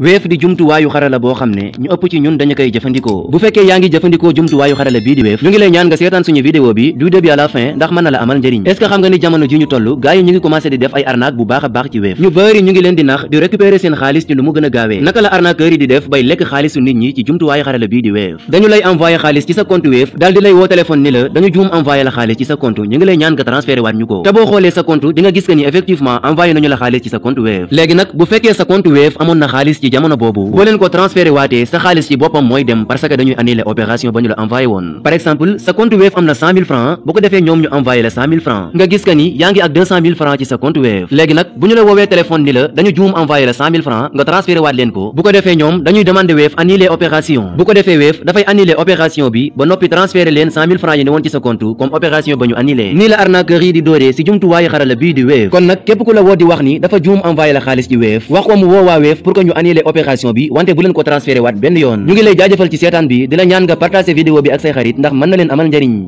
wef di jumtuwaayu xarala bo xamne ñu upp ci ñun dañ kay jëfëndiko bu fekke yaangi jëfëndiko jumtu jumtuwaayu xarala bi di wef ñu ngi lay ñaan nga sétane suñu vidéo bi du début à la fin ndax man na la amal jëriñ est ce que xam nga ni jamono ji ñu tollu gaay ñu ngi commencé di def ay arnaque bu baaxa baax ci wef ñu bari ñu ngi leen di nax di récupérer seen xaaliss ci lu mu gëna gaawé naka la arnaqueur yi di def bay lek xaaliss nit ñi ci jumtuwaayu xarala bi di wef dañu lay envoyer xaaliss ci sa compte wef dal di lay wo téléphone ni la dañu joom envoyer la xaaliss ci sa compte ñu ngi lay ñaan nga transférer waat ñuko ko bo xolé sa compte di nga gis que ni effectivement envoyer nañu la xaaliss ci sa compte wef légui nak bu fekke sa compte wef amon na xaaliss ci jamono boobu boo leen ko transféré waté sa xaliss ci bopam moy dem parce que dañuy annuler opération ba ñu la envoyé woon par exemple sa compte wef amna 100000 francs bu ko defee ñoom ñu envoyé la 100000 francs nga gis que ni yaangi ak 200000 francs ci sa compte wef légui nak buñu ñu la woowee téléphone ni la dañu joom envoyé la 100000 francs nga transféré wat len ko bu ko défé ñom dañuy demander wef annuler opération bu ko défé wef da fay annuler opération bi ba nopi transféré len 100000 francs yi ne woon ci sa compte comme opération ba annuler ni la arnaqueur yi di doré ci dóoree si xara la bi di wef kon nak képp ku la woo di wax ni dafa joom envoyé la xaliss ci wef wax ko mu woowaa Wave pour que ñu annuler tàmbale bi wante bu leen ko transféré waat benn yoon ñu ngi lay jaajëfal ci seetaan bi di la ñaan nga partagé vidéo bi ak say ndax mën na leen amal njariñ